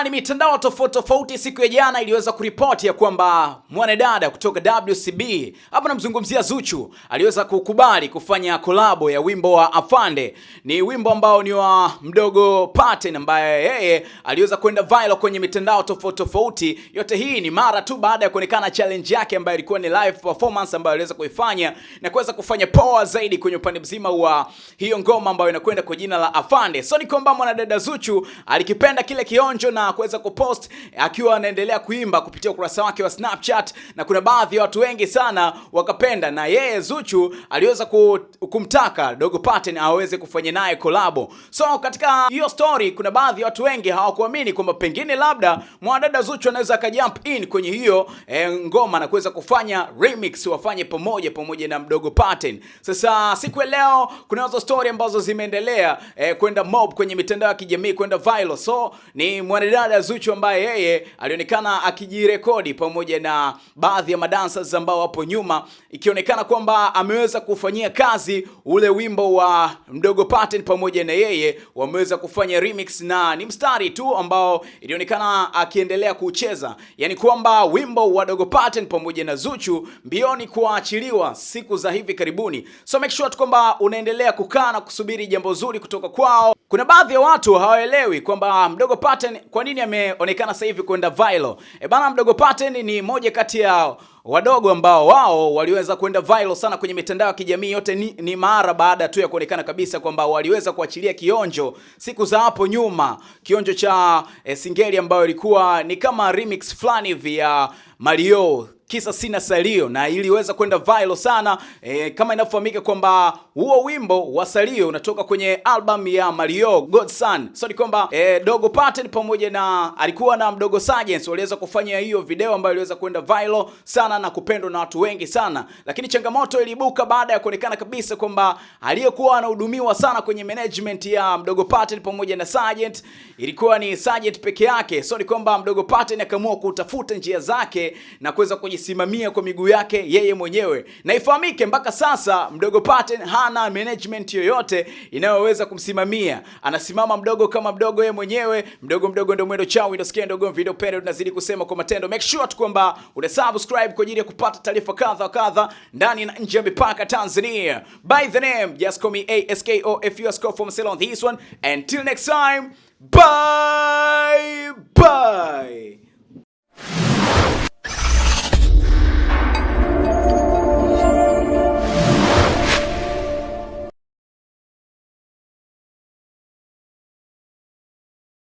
Bwana, mitandao tofauti tofauti siku ya jana iliweza kuripoti ya kwamba mwanadada kutoka WCB hapa namzungumzia Zuchu aliweza kukubali kufanya kolabo ya wimbo wa Afande. Ni wimbo ambao ni wa mdogo Paten ambaye yeye aliweza kwenda viral kwenye mitandao tofauti tofauti. Yote hii ni mara tu baada ya kuonekana challenge yake ambayo ilikuwa ni live performance ambayo aliweza kuifanya na kuweza kufanya poa zaidi kwenye upande mzima wa hiyo ngoma ambayo inakwenda kwa jina la Afande. So ni kwamba mwanadada Zuchu alikipenda kile kionjo na kuweza kupost akiwa anaendelea kuimba kupitia ukurasa wake wa Snapchat, na kuna baadhi ya watu wengi sana wakapenda, na yeye Zuchu aliweza kumtaka Dogo Paten aweze kufanya naye kolabo. So katika hiyo story kuna baadhi ya watu wengi hawakuamini kwamba pengine labda mwanadada Zuchu anaweza akajump in kwenye hiyo e, ngoma na kuweza kufanya remix wafanye pamoja pamoja na mdogo Paten. Sasa siku ya leo kuna hizo story ambazo zimeendelea e, kwenda mob kwenye mitandao ya kijamii kwenda viral. So ni mwanadada dada Zuchu ambaye yeye alionekana akijirekodi pamoja na baadhi ya madancers ambao wapo nyuma, ikionekana kwamba ameweza kufanyia kazi ule wimbo wa Mdogo Pattern pamoja na yeye wameweza kufanya remix, na ni mstari tu ambao ilionekana akiendelea kucheza, yani kwamba wimbo wa Dogo Pattern pamoja na Zuchu mbioni kuachiliwa siku za hivi karibuni. So make sure tu kwamba unaendelea kukaa na kusubiri jambo zuri kutoka kwao. Kuna baadhi ya watu hawaelewi kwamba Mdogo Pattern kwa nini ameonekana sasa hivi kwenda viral. E bana, Mdogo Paten ni moja kati ya wadogo ambao wao waliweza kwenda viral sana kwenye mitandao ya kijamii yote ni, ni mara baada tu ya kuonekana kabisa kwamba waliweza kuachilia kionjo siku za hapo nyuma, kionjo cha e, singeli ambayo ilikuwa ni kama remix fulani vya Mario kisa sina salio na iliweza kwenda viral sana e, kama inafahamika kwamba huo wimbo wa salio unatoka kwenye album ya Mario Godson. So ni kwamba e, Dogo Pattern pamoja na alikuwa na mdogo Sergeant waliweza kufanya hiyo video ambayo iliweza kwenda viral sana na kupendwa na watu wengi sana, lakini changamoto ilibuka baada ya kuonekana kabisa kwamba aliyekuwa anahudumiwa sana kwenye management ya mdogo Pattern pamoja na Sergeant ilikuwa ni Sergeant peke yake. So ni kwamba mdogo Pattern akaamua kutafuta njia zake na kuweza kujisimamia kwa miguu yake yeye mwenyewe, na ifahamike mpaka sasa mdogo Paten hana management yoyote inayoweza kumsimamia. Anasimama mdogo kama mdogo yeye mwenyewe. Mdogo mdogo ndio mwendo chao, ndio ndogo video pendo, tunazidi kusema kwa matendo. Make sure tu kwamba una subscribe kwa ajili ya kupata taarifa kadha kadha ndani na nje ya mipaka Tanzania. By the name just call me for from on this one. Until next time, bye bye.